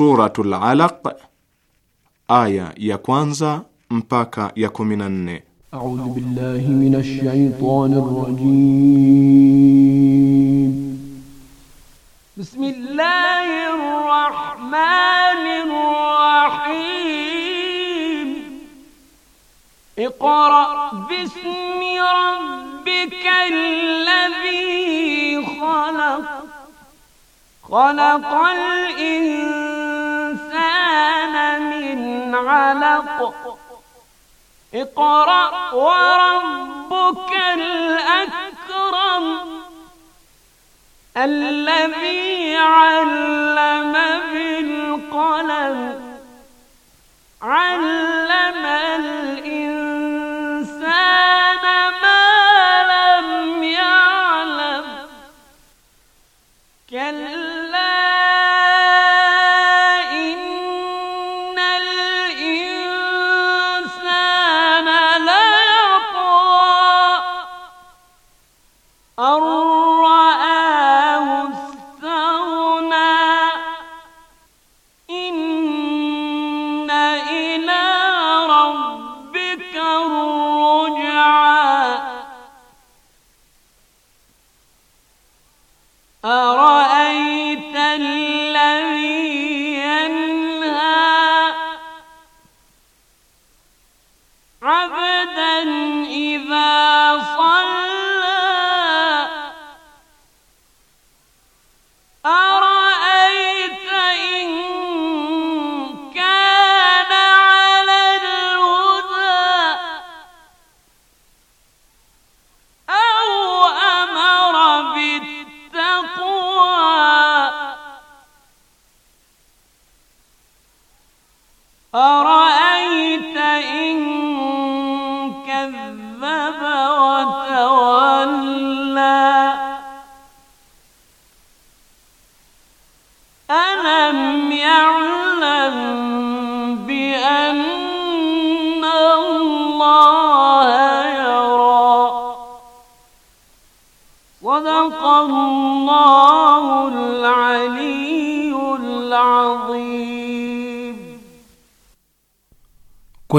Suratul Alaq aya ya kwanza mpaka ya 14. A'udhu billahi minash shaitanir rajim. Bismillahir rahmanir rahim. Iqra bismi rabbikal ladhi khalaq. خلق الإنسان علق اقرأ وربك الأكرم الذي علم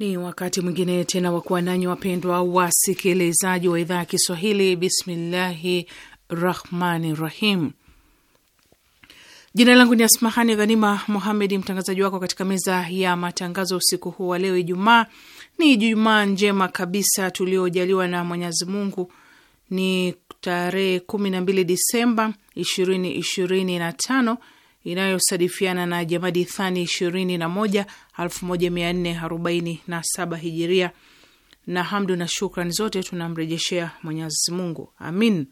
Ni wakati mwingine tena wa kuwa nanyi wapendwa wasikilizaji wa idhaa ya Kiswahili. Bismillahi rahmani rahim. Jina langu ni Asmahani Ghanima Muhamedi, mtangazaji wako katika meza ya matangazo usiku huu wa leo. Ijumaa ni Ijumaa njema kabisa tuliojaliwa na Mwenyezi Mungu, ni tarehe kumi na mbili Disemba ishirini ishirini na tano inayosadifiana na Jamadi Thani ishirini na moja moja mia nne arobaini na saba hijiria. Na hamdu na shukrani zote tunamrejeshea Mwenyezi Mungu, amin.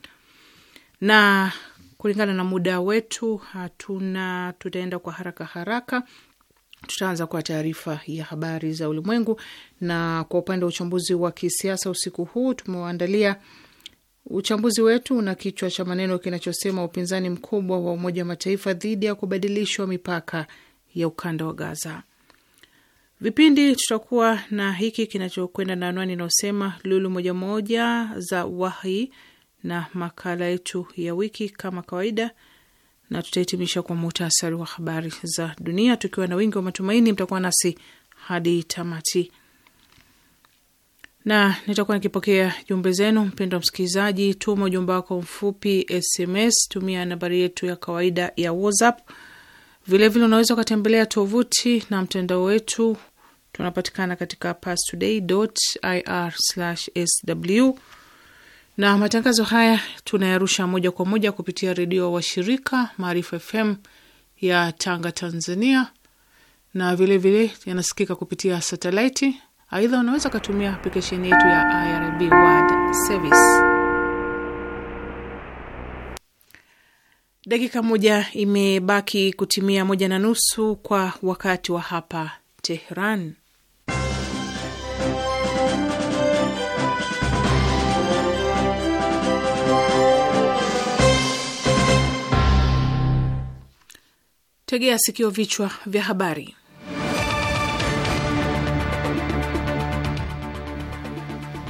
Na kulingana na muda wetu hatuna, tutaenda kwa haraka haraka. Tutaanza kwa taarifa ya habari za ulimwengu, na kwa upande wa uchambuzi wa kisiasa usiku huu tumewaandalia Uchambuzi wetu una kichwa cha maneno kinachosema upinzani mkubwa wa Umoja wa Mataifa dhidi ya kubadilishwa mipaka ya ukanda wa Gaza. Vipindi tutakuwa na hiki kinachokwenda na anwani inayosema lulu moja moja za wahi na makala yetu ya wiki kama kawaida, na tutahitimisha kwa muhtasari wa habari za dunia, tukiwa na wingi wa matumaini mtakuwa nasi hadi tamati na nitakuwa nikipokea jumbe zenu. wa msikilizaji, tuma ujumbe wako mfupi SMS, tumia nambari yetu ya kawaida ya WhatsApp. Vilevile unaweza ukatembelea tovuti na mtandao wetu, tunapatikana katika pastoday.ir/sw, na matangazo haya tunayarusha moja kwa moja kupitia redio washirika Maarifa FM ya Tanga, Tanzania, na vilevile vile yanasikika kupitia satelaiti Aidha, unaweza ukatumia aplikesheni yetu ya IRIB World Service. Dakika moja imebaki kutimia moja na nusu kwa wakati wa hapa Tehran. Tegea sikio, vichwa vya habari.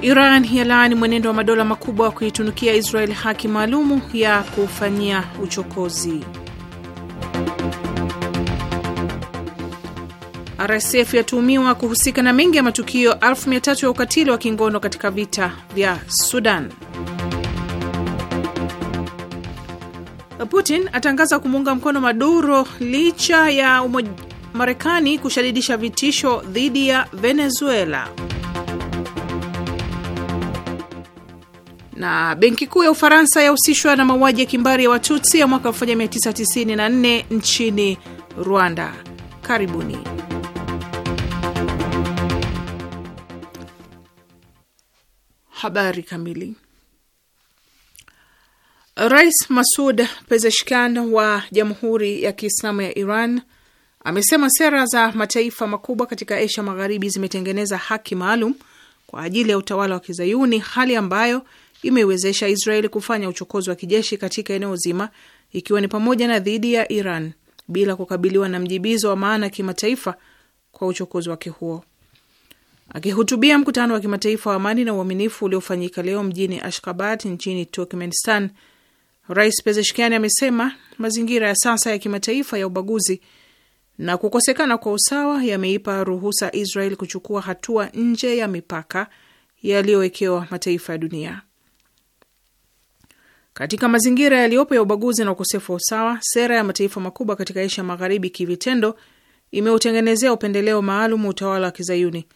Iran yalaani mwenendo wa madola makubwa wa kuitunukia Israel haki maalumu ya kufanyia uchokozi. RSF yatuhumiwa kuhusika na mengi ya matukio 1300 ya ukatili wa kingono katika vita vya Sudan. Putin atangaza kumuunga mkono Maduro licha ya Marekani kushadidisha vitisho dhidi ya Venezuela. na benki kuu ya Ufaransa yahusishwa na mauaji ya kimbari ya Watutsi ya mwaka 1994 nchini Rwanda. Karibuni. Habari kamili. Rais Masud pezeshkan wa Jamhuri ya Kiislamu ya Iran amesema sera za mataifa makubwa katika Asia Magharibi zimetengeneza haki maalum kwa ajili ya utawala wa Kizayuni, hali ambayo imeiwezesha Israeli kufanya uchokozi wa kijeshi katika eneo zima, ikiwa ni pamoja na dhidi ya Iran bila kukabiliwa na mjibizo wa maana ya kimataifa kwa uchokozi wake huo. Akihutubia mkutano wa kimataifa wa amani na uaminifu uliofanyika leo mjini ashkabad nchini Turkmenistan, Rais Pezeshkian amesema mazingira ya sasa ya kimataifa ya ubaguzi na kukosekana kwa usawa yameipa ruhusa Israel kuchukua hatua nje ya mipaka yaliyowekewa mataifa ya dunia. Katika mazingira yaliyopo ya ubaguzi na ukosefu wa usawa, sera ya mataifa makubwa katika Asia Magharibi kivitendo imeutengenezea upendeleo maalum utawala wa Kizayuni,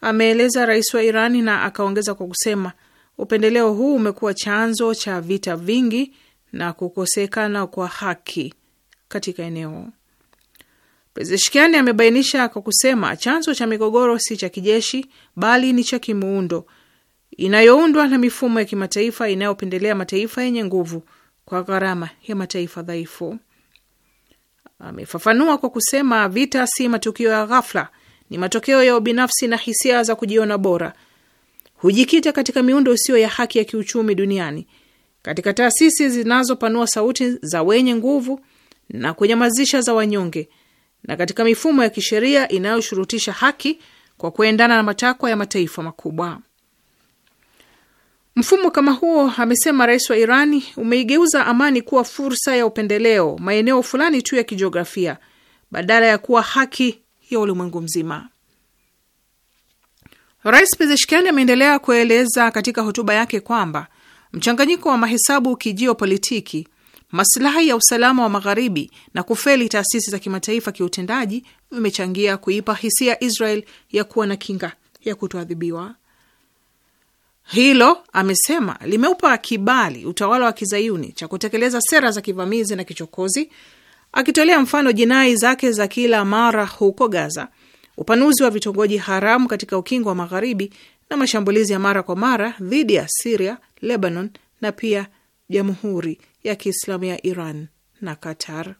ameeleza rais wa Irani, na akaongeza kwa kusema upendeleo huu umekuwa chanzo cha vita vingi na kukosekana kwa haki katika eneo. Pezeshkiani amebainisha kwa kusema chanzo cha migogoro si cha kijeshi, bali ni cha kimuundo inayoundwa na mifumo ya kimataifa inayopendelea mataifa yenye nguvu kwa gharama ya mataifa dhaifu. Amefafanua kwa kusema, vita si matukio ya ghafla, ni matokeo ya ubinafsi na hisia za kujiona bora. Hujikita katika miundo isiyo ya haki ya kiuchumi duniani, katika taasisi zinazopanua sauti za wenye nguvu na kunyamazisha za wanyonge, na katika mifumo ya kisheria inayoshurutisha haki kwa kuendana na matakwa ya mataifa makubwa. Mfumo kama huo, amesema rais wa Irani, umeigeuza amani kuwa fursa ya upendeleo maeneo fulani tu ya kijiografia badala ya kuwa haki ya ulimwengu mzima. Rais Pezeshkian ameendelea kueleza katika hotuba yake kwamba mchanganyiko wa mahesabu kijiopolitiki, masilahi ya usalama wa Magharibi na kufeli taasisi za kimataifa kiutendaji vimechangia kuipa hisia Israel ya kuwa na kinga ya kutoadhibiwa hilo amesema limeupa kibali utawala wa kizayuni cha kutekeleza sera za kivamizi na kichokozi, akitolea mfano jinai zake za kila mara huko Gaza, upanuzi wa vitongoji haramu katika ukingo wa Magharibi na mashambulizi ya mara kwa mara dhidi ya Siria, Lebanon na pia Jamhuri ya Kiislamu ya Iran na Qatar.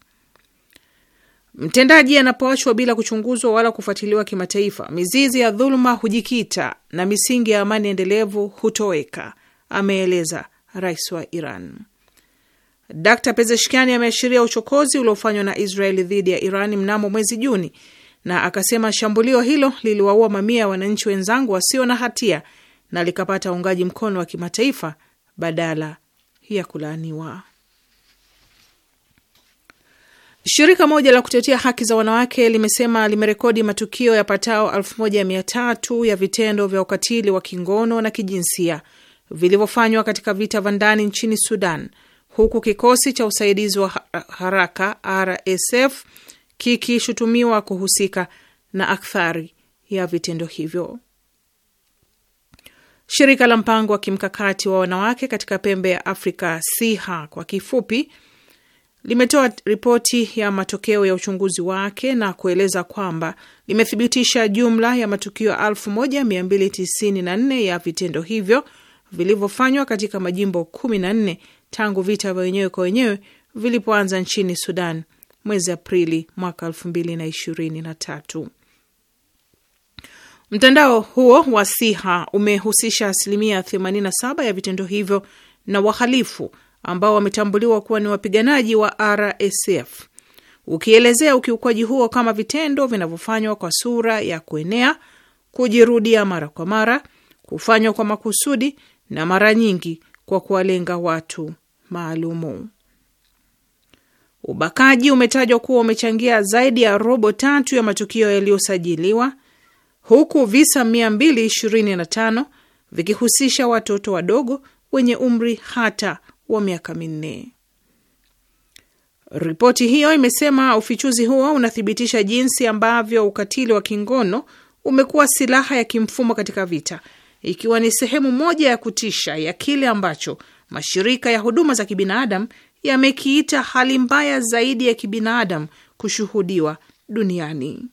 Mtendaji anapoachwa bila kuchunguzwa wala kufuatiliwa kimataifa, mizizi ya dhuluma hujikita na misingi ya amani endelevu hutoweka, ameeleza rais wa Iran. Dr Pezeshkiani ameashiria uchokozi uliofanywa na Israeli dhidi ya Iran mnamo mwezi Juni na akasema shambulio hilo liliwaua mamia ya wananchi wenzangu wasio na hatia na likapata uungaji mkono wa kimataifa badala ya kulaaniwa. Shirika moja la kutetea haki za wanawake limesema limerekodi matukio yapatao 13 ya vitendo vya ukatili wa kingono na kijinsia vilivyofanywa katika vita vya ndani nchini Sudan, huku kikosi cha usaidizi wa haraka RSF kikishutumiwa kuhusika na akthari ya vitendo hivyo. Shirika la mpango wa kimkakati wa wanawake katika pembe ya Afrika, SIHA kwa kifupi, limetoa ripoti ya matokeo ya uchunguzi wake na kueleza kwamba limethibitisha jumla ya matukio 1294 ya vitendo hivyo vilivyofanywa katika majimbo 14 tangu vita vya wenyewe kwa wenyewe vilipoanza nchini Sudan mwezi Aprili mwaka 2023. Mtandao huo wa Siha umehusisha asilimia 87 ya vitendo hivyo na wahalifu ambao wametambuliwa kuwa ni wapiganaji wa RSF, ukielezea ukiukwaji huo kama vitendo vinavyofanywa kwa sura ya kuenea, kujirudia mara kwa mara, kufanywa kwa makusudi na mara nyingi kwa kuwalenga watu maalumu. Ubakaji umetajwa kuwa umechangia zaidi ya robo tatu ya matukio yaliyosajiliwa huku visa 225 vikihusisha watoto wadogo wenye umri hata wa miaka minne. Ripoti hiyo imesema ufichuzi huo unathibitisha jinsi ambavyo ukatili wa kingono umekuwa silaha ya kimfumo katika vita, ikiwa ni sehemu moja ya kutisha ya kile ambacho mashirika ya huduma za kibinadamu yamekiita hali mbaya zaidi ya kibinadamu kushuhudiwa duniani.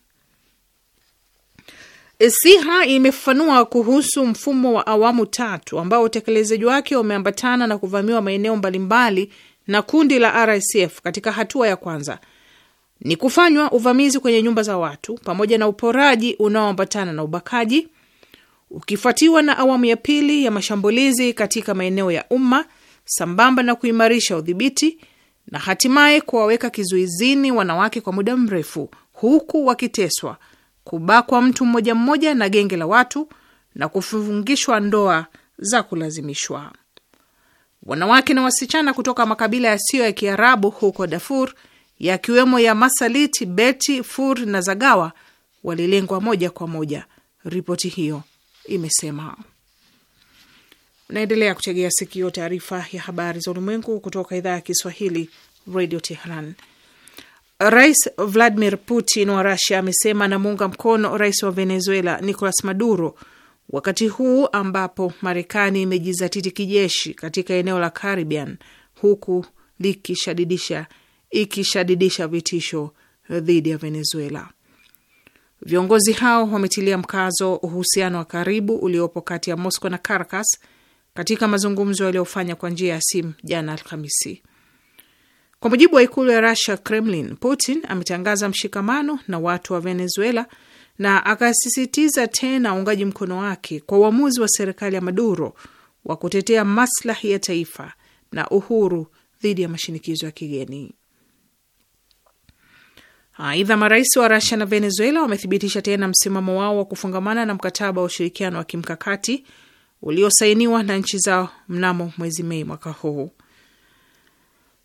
E, siha imefafanua kuhusu mfumo wa awamu tatu ambao utekelezaji wake umeambatana na kuvamiwa maeneo mbalimbali na kundi la RSF. Katika hatua ya kwanza ni kufanywa uvamizi kwenye nyumba za watu pamoja na uporaji unaoambatana na ubakaji, ukifuatiwa na awamu ya pili ya mashambulizi katika maeneo ya umma sambamba na kuimarisha udhibiti na hatimaye kuwaweka kizuizini wanawake kwa muda mrefu huku wakiteswa kubakwa mtu mmoja mmoja na genge la watu na kufungishwa ndoa za kulazimishwa. Wanawake na wasichana kutoka makabila yasiyo ya Kiarabu huko Darfur yakiwemo ya Masalit, Beti, Fur na Zagawa walilengwa moja kwa moja, ripoti hiyo imesema. Naendelea kutegea sikio taarifa ya habari za ulimwengu kutoka idhaa ya Kiswahili, Radio Tehran. Rais Vladimir Putin wa Rusia amesema anamuunga mkono rais wa Venezuela Nicolas Maduro, wakati huu ambapo Marekani imejizatiti kijeshi katika eneo la Caribbean, huku likishadidisha ikishadidisha vitisho dhidi ya Venezuela. Viongozi hao wametilia mkazo uhusiano wa karibu uliopo kati ya Moscow na Caracas katika mazungumzo yaliyofanya kwa njia ya simu jana Alhamisi. Kwa mujibu wa ikulu ya Russia, Kremlin, Putin ametangaza mshikamano na watu wa Venezuela na akasisitiza tena uungaji mkono wake kwa uamuzi wa serikali ya Maduro wa kutetea maslahi ya taifa na uhuru dhidi ya mashinikizo ya kigeni. Aidha, marais wa Rusia na Venezuela wamethibitisha tena msimamo wao wa kufungamana na mkataba wa ushirikiano wa kimkakati uliosainiwa na nchi zao mnamo mwezi Mei mwaka huu.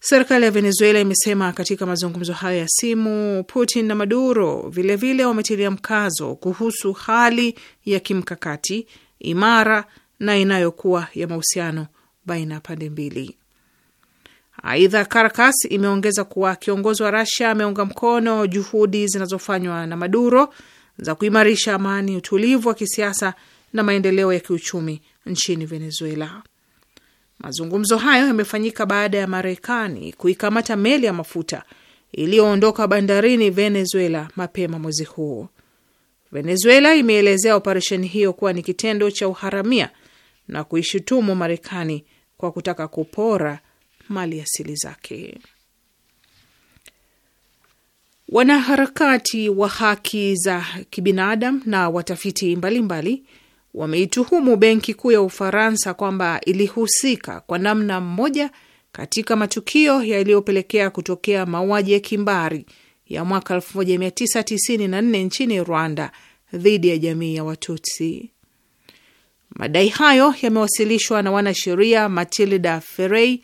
Serikali ya Venezuela imesema katika mazungumzo hayo ya simu, Putin na Maduro vilevile wametilia mkazo kuhusu hali ya kimkakati imara na inayokuwa ya mahusiano baina ya pande mbili. Aidha, Caracas imeongeza kuwa kiongozi wa rasia ameunga mkono juhudi zinazofanywa na Maduro za kuimarisha amani, utulivu wa kisiasa na maendeleo ya kiuchumi nchini Venezuela. Mazungumzo hayo yamefanyika baada ya Marekani kuikamata meli ya mafuta iliyoondoka bandarini Venezuela mapema mwezi huu. Venezuela imeelezea operesheni hiyo kuwa ni kitendo cha uharamia na kuishutumu Marekani kwa kutaka kupora mali asili zake. Wanaharakati wa haki za kibinadamu na watafiti mbalimbali mbali wameituhumu benki kuu ya Ufaransa kwamba ilihusika kwa namna mmoja katika matukio yaliyopelekea kutokea mauaji ya kimbari ya mwaka 1994 nchini Rwanda dhidi ya jamii ya Watutsi. Madai hayo yamewasilishwa na wanasheria Matilda Ferrey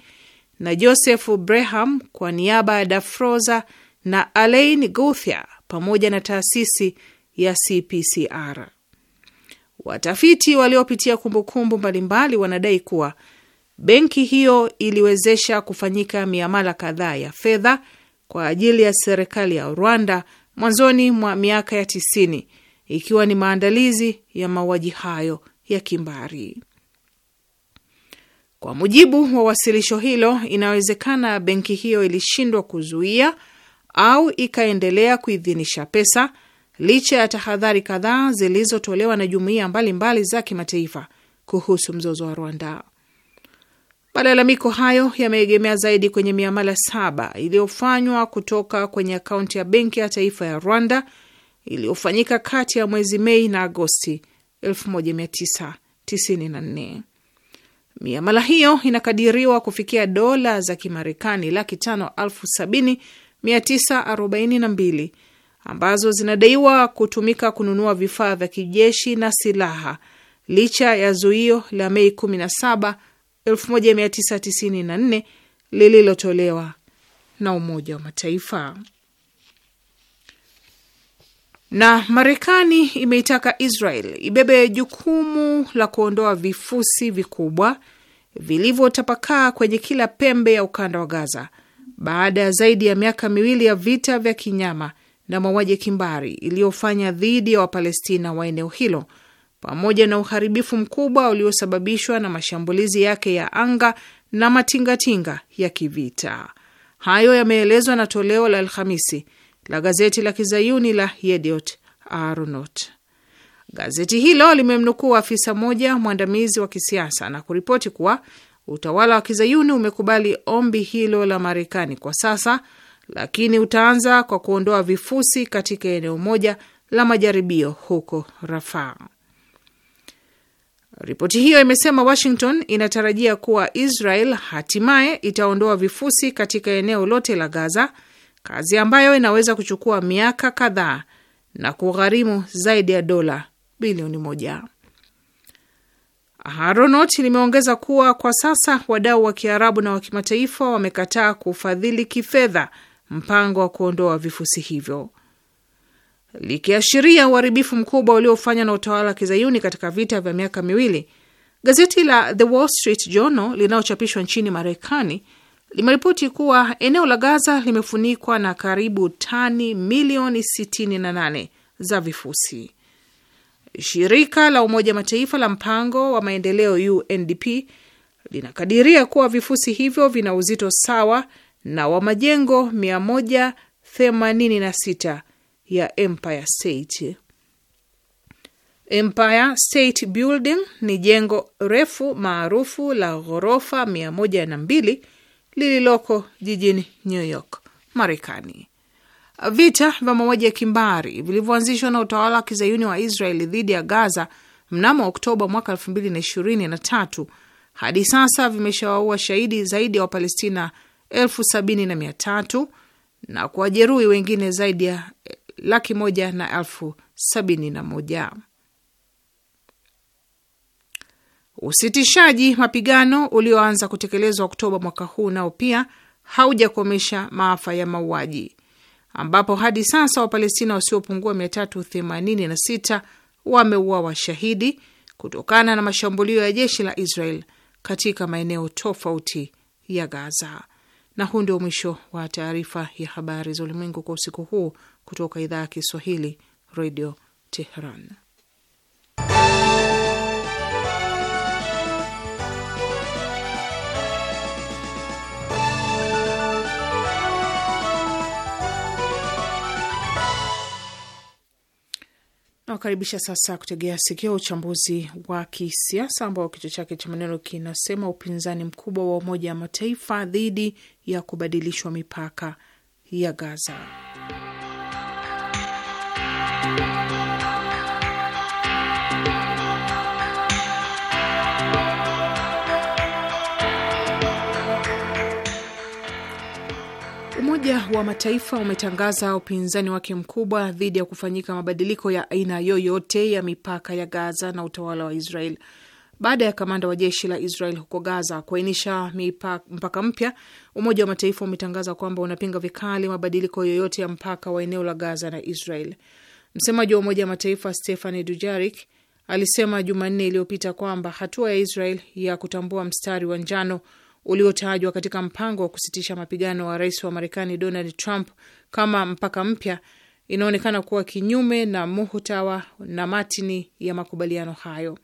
na Joseph Breham kwa niaba ya Dafroza na Alain Guthia pamoja na taasisi ya CPCR. Watafiti waliopitia kumbukumbu mbalimbali wanadai kuwa benki hiyo iliwezesha kufanyika miamala kadhaa ya fedha kwa ajili ya serikali ya Rwanda mwanzoni mwa miaka ya tisini ikiwa ni maandalizi ya mauaji hayo ya kimbari. Kwa mujibu wa wasilisho hilo, inawezekana benki hiyo ilishindwa kuzuia au ikaendelea kuidhinisha pesa licha ya tahadhari kadhaa zilizotolewa na jumuiya mbalimbali za kimataifa kuhusu mzozo wa Rwanda. Malalamiko hayo yameegemea zaidi kwenye miamala saba iliyofanywa kutoka kwenye akaunti ya benki ya taifa ya Rwanda iliyofanyika kati ya mwezi Mei na Agosti 1994. Miamala hiyo inakadiriwa kufikia dola za Kimarekani laki tano elfu sabini mia tisa arobaini na mbili ambazo zinadaiwa kutumika kununua vifaa vya kijeshi na silaha licha ya zuio la Mei 17, 1994 lililotolewa na Umoja wa Mataifa. Na Marekani imeitaka Israel ibebe jukumu la kuondoa vifusi vikubwa vilivyotapakaa kwenye kila pembe ya ukanda wa Gaza baada ya zaidi ya miaka miwili ya vita vya kinyama na mauaji ya kimbari iliyofanya dhidi ya Wapalestina wa eneo hilo pamoja na uharibifu mkubwa uliosababishwa na mashambulizi yake ya anga na matingatinga ya kivita. Hayo yameelezwa na toleo la Alhamisi la gazeti la kizayuni la Yediot Aronot. Gazeti hilo limemnukuu afisa mmoja mwandamizi wa kisiasa na kuripoti kuwa utawala wa kizayuni umekubali ombi hilo la Marekani kwa sasa lakini utaanza kwa kuondoa vifusi katika eneo moja la majaribio huko rafa Ripoti hiyo imesema Washington inatarajia kuwa Israel hatimaye itaondoa vifusi katika eneo lote la Gaza, kazi ambayo inaweza kuchukua miaka kadhaa na kugharimu zaidi ya dola bilioni moja. Haronot limeongeza kuwa kwa sasa wadau wa Kiarabu na wa kimataifa wamekataa kufadhili kifedha mpango wa kuondoa vifusi hivyo, likiashiria uharibifu mkubwa uliofanywa na utawala wa kizayuni katika vita vya miaka miwili. Gazeti la The Wall Street Journal linalochapishwa nchini Marekani limeripoti kuwa eneo la Gaza limefunikwa na karibu tani milioni 68 za vifusi. Shirika la Umoja Mataifa la mpango wa maendeleo UNDP linakadiria kuwa vifusi hivyo vina uzito sawa na wa majengo 186 ya Empire State. Empire State Building ni jengo refu maarufu la ghorofa 102 lililoko jijini New York, Marekani. Vita vya mauaji ya kimbari vilivyoanzishwa na utawala wa kizayuni wa Israeli dhidi ya Gaza mnamo Oktoba mwaka 2023 hadi sasa vimeshawaua shahidi zaidi ya wa Wapalestina elfu sabini na mia tatu na kuwajeruhi wengine zaidi ya eh, laki moja na elfu sabini na moja. Usitishaji mapigano ulioanza kutekelezwa Oktoba mwaka huu nao pia haujakomesha maafa ya mauaji, ambapo hadi sasa Wapalestina wasiopungua 386 wameua shahidi kutokana na mashambulio ya jeshi la Israel katika maeneo tofauti ya Gaza. Na huu ndio mwisho wa taarifa ya habari za ulimwengu kwa usiku huu kutoka idhaa ya Kiswahili, radio Teheran. Nawakaribisha sasa kutegea sikio uchambuzi wa kisiasa ambao kichwa chake cha maneno kinasema upinzani mkubwa wa Umoja wa Mataifa dhidi ya kubadilishwa mipaka ya Gaza. Umoja wa Mataifa umetangaza upinzani wake mkubwa dhidi ya kufanyika mabadiliko ya aina yoyote ya mipaka ya Gaza na utawala wa Israel baada ya kamanda wa jeshi la Israel huko Gaza kuainisha mpaka mpya. Umoja wa Mataifa umetangaza kwamba unapinga vikali mabadiliko yoyote ya mpaka wa eneo la Gaza na Israel. Msemaji wa Umoja wa Mataifa Stephane Dujarric alisema Jumanne iliyopita kwamba hatua ya Israel ya kutambua mstari wa njano uliotajwa katika mpango wa kusitisha mapigano wa rais wa Marekani Donald Trump kama mpaka mpya inaonekana kuwa kinyume na muhtawa na matini ya makubaliano hayo.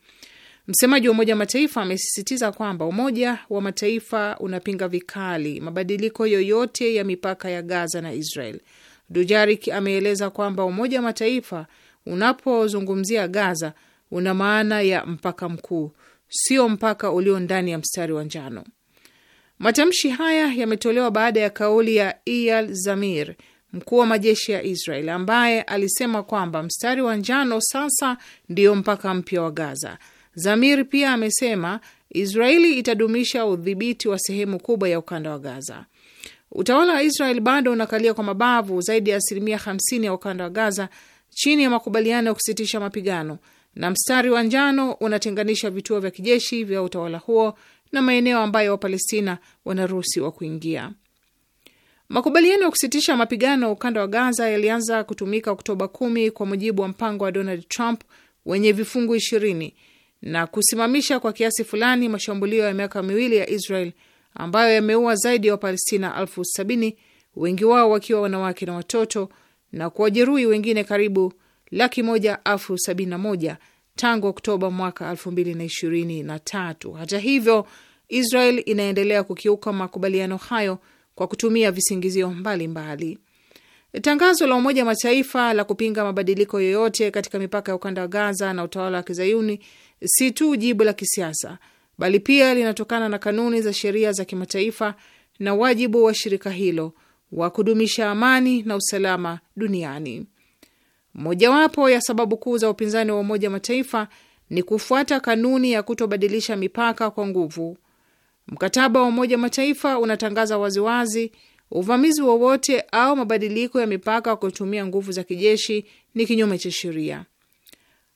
Msemaji wa Umoja wa Mataifa amesisitiza kwamba Umoja wa Mataifa unapinga vikali mabadiliko yoyote ya mipaka ya Gaza na Israel. Dujarik ameeleza kwamba Umoja wa Mataifa unapozungumzia Gaza una maana ya mpaka mkuu, sio mpaka ulio ndani ya mstari wa njano. Matamshi haya yametolewa baada ya kauli ya Eyal Zamir, mkuu wa majeshi ya Israel, ambaye alisema kwamba mstari wa njano sasa ndiyo mpaka mpya wa Gaza. Zamir pia amesema Israeli itadumisha udhibiti wa sehemu kubwa ya ukanda wa Gaza. Utawala wa Israel bado unakalia kwa mabavu zaidi ya asilimia 50 ya ukanda wa Gaza chini ya makubaliano ya kusitisha mapigano, na mstari wa njano unatenganisha vituo vya kijeshi vya utawala huo na maeneo ambayo Wapalestina wanaruhusiwa kuingia. Makubaliano ya kusitisha mapigano ukanda wa Gaza yalianza kutumika Oktoba 10 kwa mujibu wa mpango wa Donald Trump wenye vifungu ishirini na kusimamisha kwa kiasi fulani mashambulio ya miaka miwili ya Israel ambayo yameua zaidi ya Wapalestina elfu sabini wengi wao wakiwa wanawake na watoto na kuwajeruhi wengine karibu laki moja elfu sabini na moja tangu Oktoba mwaka 2023. Hata hivyo, Israel inaendelea kukiuka makubaliano hayo kwa kutumia visingizio mbalimbali. Tangazo la Umoja Mataifa la kupinga mabadiliko yoyote katika mipaka ya ukanda wa Gaza na utawala wa kizayuni si tu jibu la kisiasa, bali pia linatokana na kanuni za sheria za kimataifa na wajibu wa shirika hilo wa kudumisha amani na usalama duniani. Mojawapo ya sababu kuu za upinzani wa Umoja wa Mataifa ni kufuata kanuni ya kutobadilisha mipaka kwa nguvu. Mkataba wa Umoja wa Mataifa unatangaza waziwazi uvamizi wowote au mabadiliko ya mipaka kwa kutumia nguvu za kijeshi ni kinyume cha sheria.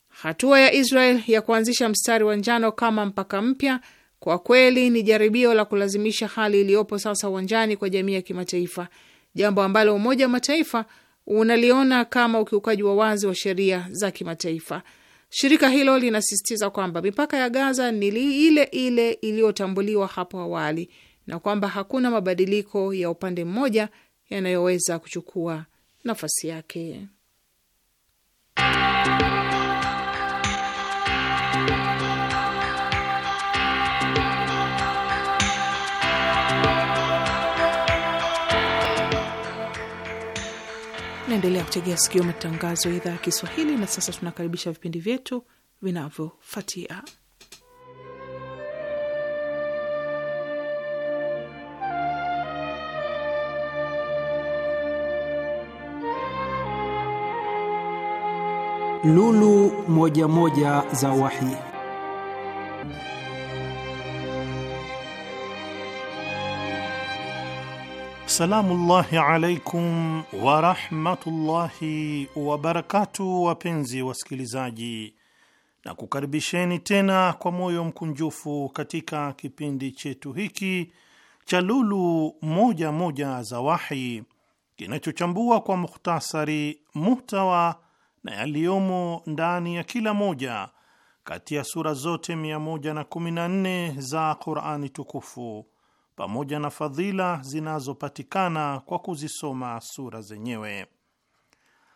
Hatua ya Israel ya kuanzisha mstari wa njano kama mpaka mpya kwa kweli ni jaribio la kulazimisha hali iliyopo sasa uwanjani kwa jamii ya kimataifa, jambo ambalo Umoja wa Mataifa unaliona kama ukiukaji wa wazi wa sheria za kimataifa. Shirika hilo linasisitiza kwamba mipaka ya Gaza ni ile ile iliyotambuliwa hapo awali na kwamba hakuna mabadiliko ya upande mmoja yanayoweza kuchukua nafasi yake. Naendelea kutegea sikio matangazo ya idhaa ya Kiswahili. Na sasa tunakaribisha vipindi vyetu vinavyofuatia. Lulu moja moja za Wahii. Assalamu llahi alaikum warahmatullahi wabarakatu, wapenzi wasikilizaji, na kukaribisheni tena kwa moyo mkunjufu katika kipindi chetu hiki cha Lulu Moja Moja za Wahi kinachochambua kwa mukhtasari muhtawa na yaliyomo ndani ya kila moja kati ya sura zote 114 za Qur'ani tukufu pamoja na fadhila zinazopatikana kwa kuzisoma sura zenyewe.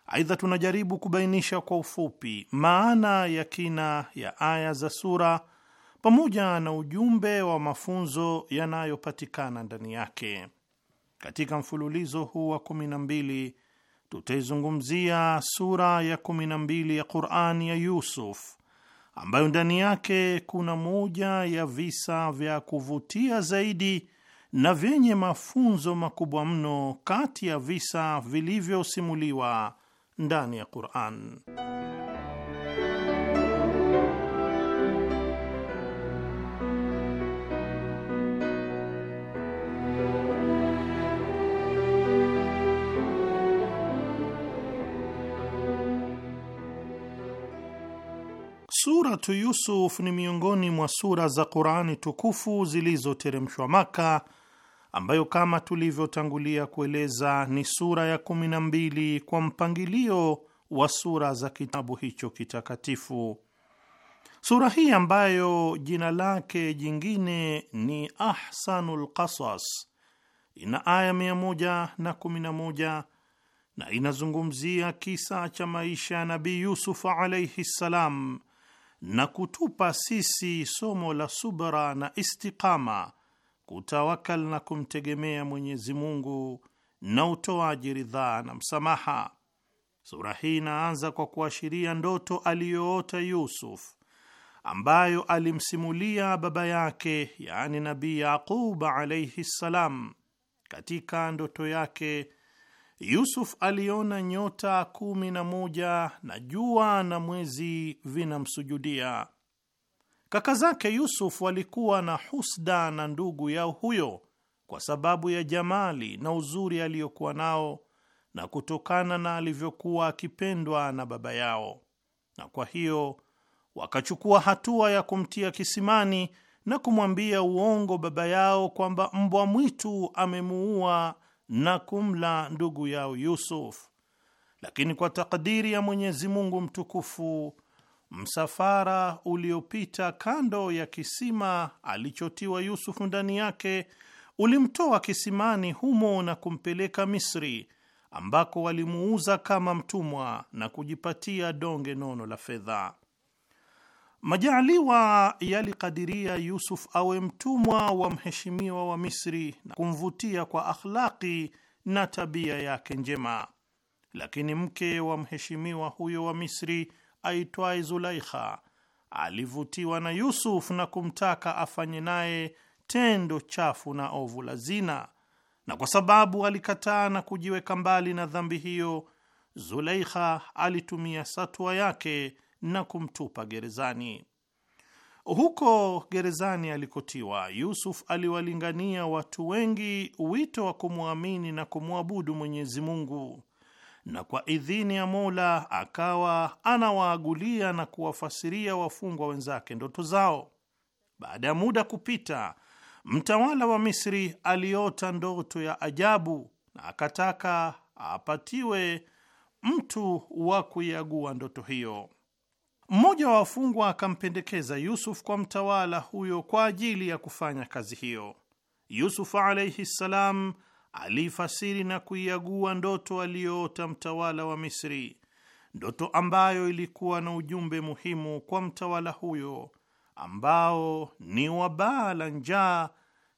Aidha, tunajaribu kubainisha kwa ufupi maana ya kina ya aya za sura pamoja na ujumbe wa mafunzo yanayopatikana ndani yake. Katika mfululizo huu wa kumi na mbili tutaizungumzia sura ya kumi na mbili ya Qur'ani ya Yusuf ambayo ndani yake kuna moja ya visa vya kuvutia zaidi na vyenye mafunzo makubwa mno kati ya visa vilivyosimuliwa ndani ya Qur'an. Suratu Yusuf ni miongoni mwa sura za Qurani tukufu zilizoteremshwa Maka, ambayo kama tulivyotangulia kueleza ni sura ya kumi na mbili kwa mpangilio wa sura za kitabu hicho kitakatifu. Sura hii ambayo jina lake jingine ni Ahsanul Qasas ina aya 111 na inazungumzia kisa cha maisha ya Nabii Yusuf alaihi ssalam na kutupa sisi somo la subra na istiqama, kutawakal na kumtegemea Mwenyezi Mungu na utoaji ridhaa na msamaha. Sura hii inaanza kwa kuashiria ndoto aliyoota Yusuf ambayo alimsimulia baba yake, yaani Nabii Yaqub alaihi ssalam. Katika ndoto yake Yusuf aliona nyota kumi na moja na jua na mwezi vinamsujudia. Kaka zake Yusuf walikuwa na husda na ndugu yao huyo kwa sababu ya jamali na uzuri aliyokuwa nao na kutokana na alivyokuwa akipendwa na baba yao, na kwa hiyo wakachukua hatua ya kumtia kisimani na kumwambia uongo baba yao kwamba mbwa mwitu amemuua na kumla ndugu yao Yusuf, lakini kwa takdiri ya Mwenyezi Mungu mtukufu msafara uliopita kando ya kisima alichotiwa Yusufu ndani yake ulimtoa kisimani humo na kumpeleka Misri ambako walimuuza kama mtumwa na kujipatia donge nono la fedha. Majaliwa yalikadiria Yusuf awe mtumwa wa mheshimiwa wa Misri na kumvutia kwa akhlaqi na tabia yake njema, lakini mke wa mheshimiwa huyo wa Misri aitwaye Zulaikha alivutiwa na Yusuf na kumtaka afanye naye tendo chafu na ovu la zina, na kwa sababu alikataa na kujiweka mbali na dhambi hiyo, Zulaikha alitumia satwa yake na kumtupa gerezani. Huko gerezani alikotiwa, Yusuf aliwalingania watu wengi wito wa kumwamini na kumwabudu Mwenyezi Mungu, na kwa idhini ya Mola akawa anawaagulia na kuwafasiria wafungwa wenzake ndoto zao. Baada ya muda kupita, mtawala wa Misri aliota ndoto ya ajabu na akataka apatiwe mtu wa kuiagua ndoto hiyo. Mmoja wa wafungwa akampendekeza Yusuf kwa mtawala huyo kwa ajili ya kufanya kazi hiyo. Yusuf alaihi ssalam aliifasiri na kuiagua ndoto aliyoota mtawala wa Misri, ndoto ambayo ilikuwa na ujumbe muhimu kwa mtawala huyo ambao ni wa baa la njaa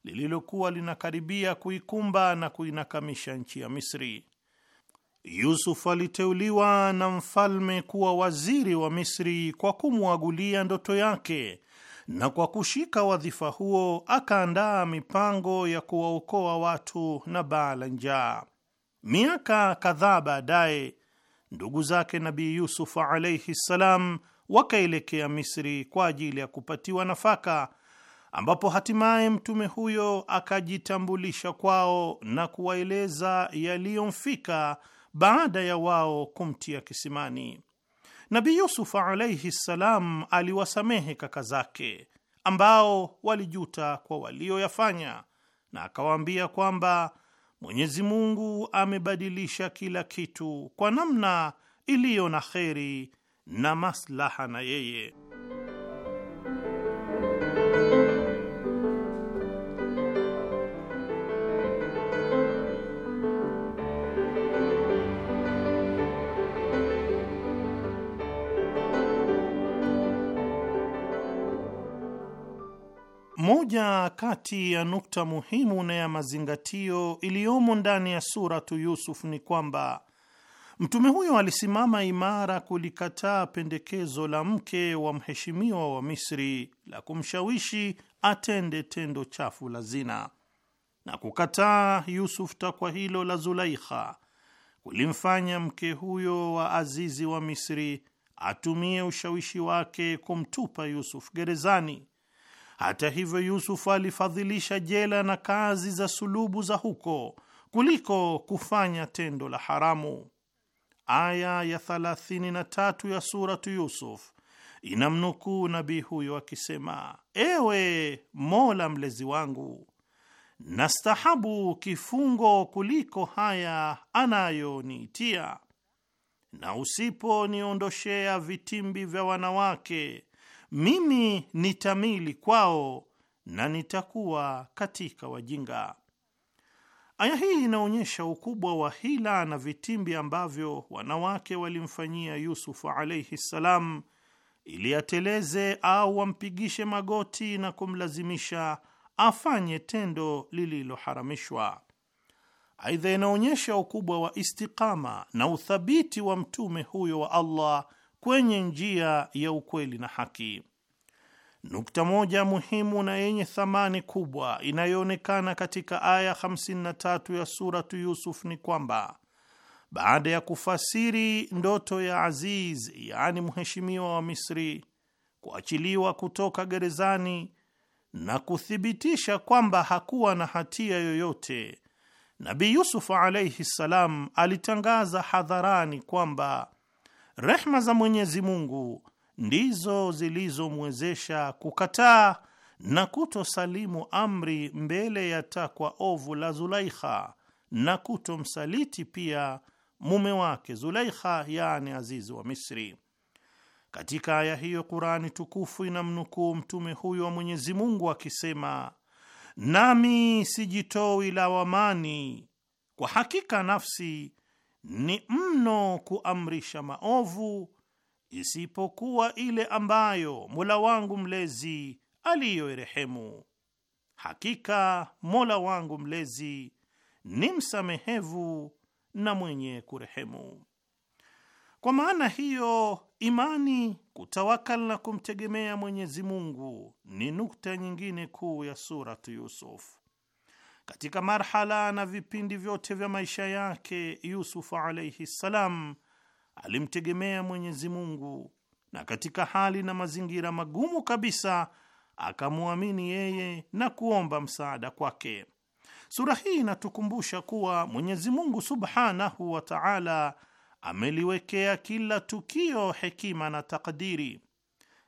lililokuwa linakaribia kuikumba na kuinakamisha nchi ya Misri. Yusuf aliteuliwa na mfalme kuwa waziri wa Misri kwa kumwagulia ndoto yake, na kwa kushika wadhifa huo akaandaa mipango ya kuwaokoa watu na baa la njaa. Miaka kadhaa baadaye, ndugu zake Nabii Yusuf alaihi ssalam wakaelekea Misri kwa ajili ya kupatiwa nafaka, ambapo hatimaye mtume huyo akajitambulisha kwao na kuwaeleza yaliyomfika baada ya wao kumtia kisimani. Nabi Yusuf alaihi ssalam aliwasamehe kaka zake ambao walijuta kwa walioyafanya, na akawaambia kwamba Mwenyezi Mungu amebadilisha kila kitu kwa namna iliyo na kheri na maslaha na yeye Moja kati ya nukta muhimu na ya mazingatio iliyomo ndani ya Suratu Yusuf ni kwamba mtume huyo alisimama imara kulikataa pendekezo la mke wa mheshimiwa wa Misri la kumshawishi atende tendo chafu la zina, na kukataa Yusuf takwa hilo la Zulaikha kulimfanya mke huyo wa Azizi wa Misri atumie ushawishi wake kumtupa Yusuf gerezani hata hivyo, Yusufu alifadhilisha jela na kazi za sulubu za huko kuliko kufanya tendo la haramu. Aya ya 33 ya Suratu Yusuf inamnukuu nabii huyo akisema, ewe Mola mlezi wangu, nastahabu kifungo kuliko haya anayoniitia, na usiponiondoshea vitimbi vya wanawake mimi nitamili kwao na nitakuwa katika wajinga. Aya hii inaonyesha ukubwa wa hila na vitimbi ambavyo wanawake walimfanyia Yusufu alaihi ssalam, ili ateleze au wampigishe magoti na kumlazimisha afanye tendo lililoharamishwa. Aidha, inaonyesha ukubwa wa istiqama na uthabiti wa mtume huyo wa Allah kwenye njia ya ukweli na haki. Nukta moja muhimu na yenye thamani kubwa inayoonekana katika aya 53 ya suratu Yusuf ni kwamba baada ya kufasiri ndoto ya Aziz, yaani mheshimiwa wa Misri, kuachiliwa kutoka gerezani na kuthibitisha kwamba hakuwa na hatia yoyote, Nabii Yusuf alaihi ssalam alitangaza hadharani kwamba Rehma za Mwenyezi Mungu ndizo zilizomwezesha kukataa na kutosalimu amri mbele ya takwa ovu la Zulaikha na kutomsaliti pia mume wake Zulaikha, yaani Azizi wa Misri. Katika aya hiyo Kurani tukufu inamnukuu mtume huyo wa Mwenyezi Mungu akisema, nami sijitoi lawamani, kwa hakika nafsi ni mno kuamrisha maovu, isipokuwa ile ambayo Mola wangu mlezi aliyoirehemu. Hakika Mola wangu mlezi ni msamehevu na mwenye kurehemu. Kwa maana hiyo, imani, kutawakal na kumtegemea Mwenyezi Mungu ni nukta nyingine kuu ya Suratu Yusuf. Katika marhala na vipindi vyote vya maisha yake Yusufu alaihi ssalam alimtegemea Mwenyezi Mungu, na katika hali na mazingira magumu kabisa akamwamini yeye na kuomba msaada kwake. Sura hii inatukumbusha kuwa Mwenyezi Mungu subhanahu wa taala ameliwekea kila tukio hekima na takdiri,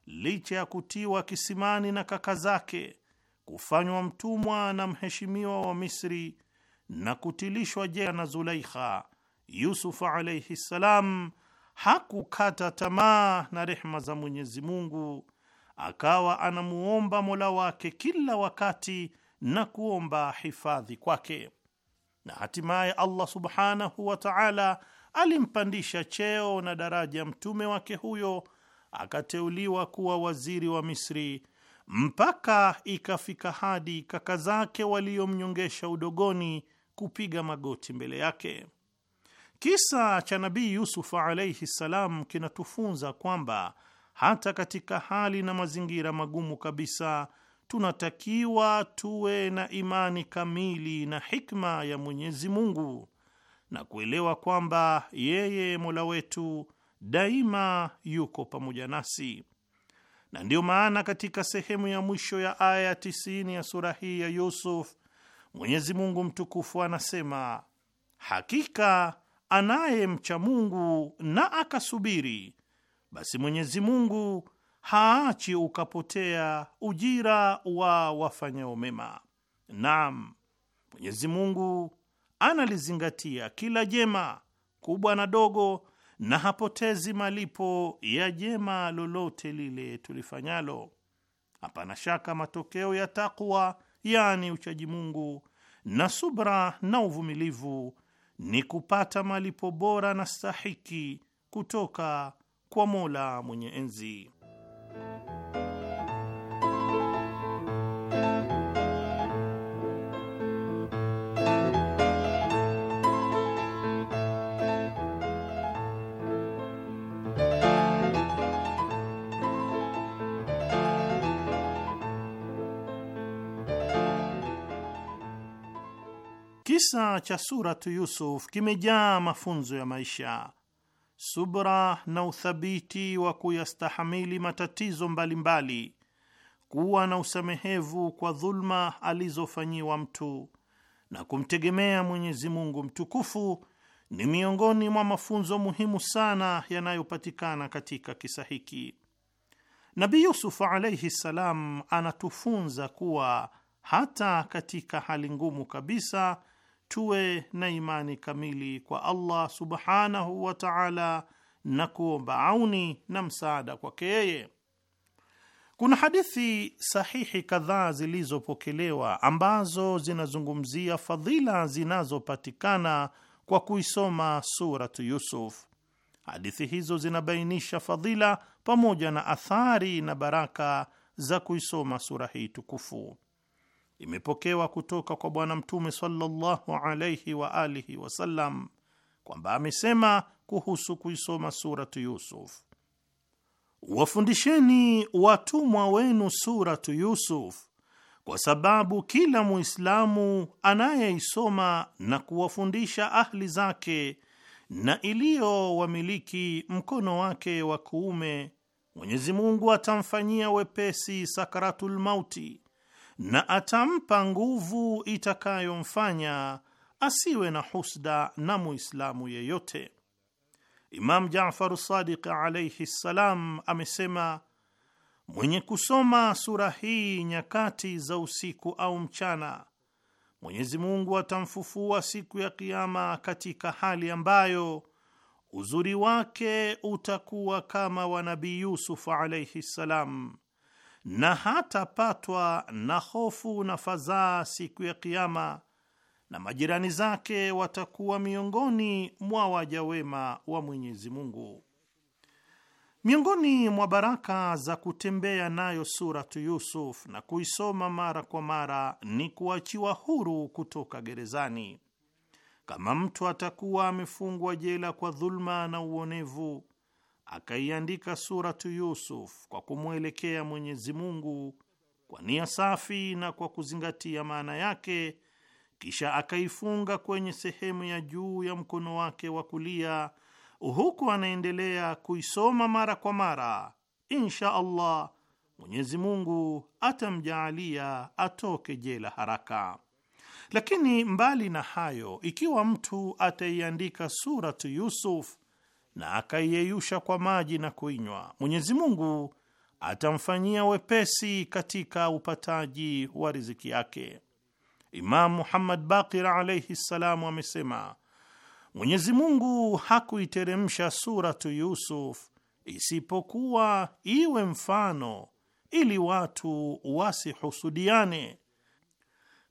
licha ya kutiwa kisimani na kaka zake kufanywa mtumwa na mheshimiwa wa Misri na kutilishwa jela na Zulaikha, Yusufu alaihi ssalam hakukata tamaa na rehma za Mwenyezi Mungu, akawa anamuomba Mola wake kila wakati na kuomba hifadhi kwake, na hatimaye Allah subhanahu wa taala alimpandisha cheo na daraja mtume wake huyo akateuliwa kuwa waziri wa Misri mpaka ikafika hadi kaka zake waliomnyongesha udogoni kupiga magoti mbele yake. Kisa cha Nabii yusuf alaihi ssalam kinatufunza kwamba hata katika hali na mazingira magumu kabisa tunatakiwa tuwe na imani kamili na hikma ya Mwenyezi Mungu na kuelewa kwamba yeye Mola wetu daima yuko pamoja nasi na ndiyo maana katika sehemu ya mwisho ya aya ya 90 ya sura hii ya Yusuf Mwenyezi Mungu mtukufu anasema, hakika anayemcha Mungu na akasubiri, basi Mwenyezi Mungu haachi ukapotea ujira wa wafanyao mema. Naam, Mwenyezi Mungu analizingatia kila jema kubwa na dogo na hapotezi malipo ya jema lolote lile tulifanyalo. Hapana shaka matokeo ya takwa, yaani uchaji Mungu na subra na uvumilivu, ni kupata malipo bora na stahiki kutoka kwa Mola mwenye enzi. Kisa cha Suratu Yusuf kimejaa mafunzo ya maisha, subra na uthabiti wa kuyastahamili matatizo mbalimbali, kuwa na usamehevu kwa dhulma alizofanyiwa mtu na kumtegemea Mwenyezi Mungu mtukufu ni miongoni mwa mafunzo muhimu sana yanayopatikana katika kisa hiki. Nabi Yusuf alaihi ssalam anatufunza kuwa hata katika hali ngumu kabisa tuwe na imani kamili kwa Allah subhanahu wa taala na kuomba auni na msaada kwake yeye. Kuna hadithi sahihi kadhaa zilizopokelewa ambazo zinazungumzia fadhila zinazopatikana kwa kuisoma Suratu Yusuf. Hadithi hizo zinabainisha fadhila pamoja na athari na baraka za kuisoma sura hii tukufu imepokewa kutoka kwa Bwana Mtume sallallahu alaihi wa alihi wasallam kwamba amesema kuhusu kuisoma Suratu Yusuf, wafundisheni watumwa wenu Suratu Yusuf, kwa sababu kila Muislamu anayeisoma na kuwafundisha ahli zake na iliyowamiliki mkono wake wa kuume, Mwenyezi Mungu atamfanyia wepesi sakaratul mauti na atampa nguvu itakayomfanya asiwe na husda na Muislamu yeyote. Imam Jafaru Sadiq alaihi ssalam amesema mwenye kusoma sura hii nyakati za usiku au mchana, Mwenyezi Mungu atamfufua siku ya Kiama katika hali ambayo uzuri wake utakuwa kama wa Nabii Yusuf alaihi ssalam na hatapatwa na hofu na fadhaa siku ya Kiama, na majirani zake watakuwa miongoni mwa waja wema wa Mwenyezi Mungu. Miongoni mwa baraka za kutembea nayo Suratu Yusuf na kuisoma mara kwa mara ni kuachiwa huru kutoka gerezani. Kama mtu atakuwa amefungwa jela kwa dhuluma na uonevu akaiandika Suratu Yusuf kwa kumwelekea Mwenyezi Mungu kwa nia safi na kwa kuzingatia maana yake, kisha akaifunga kwenye sehemu ya juu ya mkono wake wa kulia, huku anaendelea kuisoma mara kwa mara. Insha Allah, Mwenyezi Mungu atamjaalia atoke jela haraka. Lakini mbali na hayo, ikiwa mtu ataiandika Suratu Yusuf na akaiyeyusha kwa maji na kuinywa, Mwenyezi Mungu atamfanyia wepesi katika upataji wa riziki yake. Imam Muhammad Baqir alaihi ssalamu amesema Mwenyezi Mungu hakuiteremsha Suratu Yusuf isipokuwa iwe mfano ili watu wasihusudiane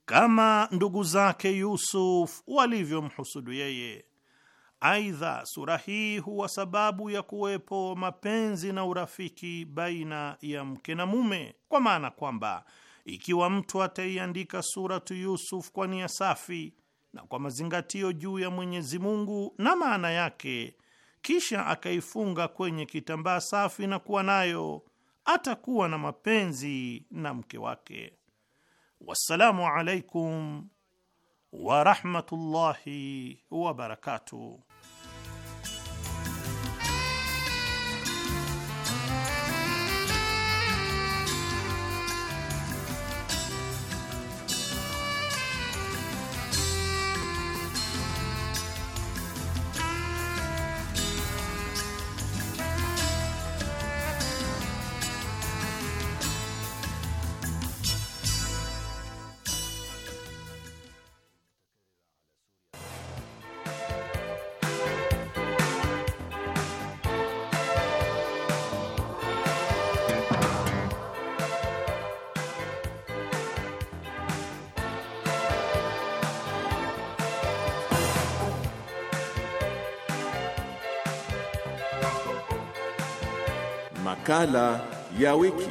kama ndugu zake Yusuf walivyomhusudu yeye. Aidha, sura hii huwa sababu ya kuwepo mapenzi na urafiki baina ya mke na mume, kwa maana kwamba ikiwa mtu ataiandika Suratu Yusuf kwa nia safi na kwa mazingatio juu ya Mwenyezi Mungu na maana yake, kisha akaifunga kwenye kitambaa safi na kuwa nayo, atakuwa na mapenzi na mke wake. Wassalamu alaikum warahmatullahi wabarakatuh. makala ya wiki.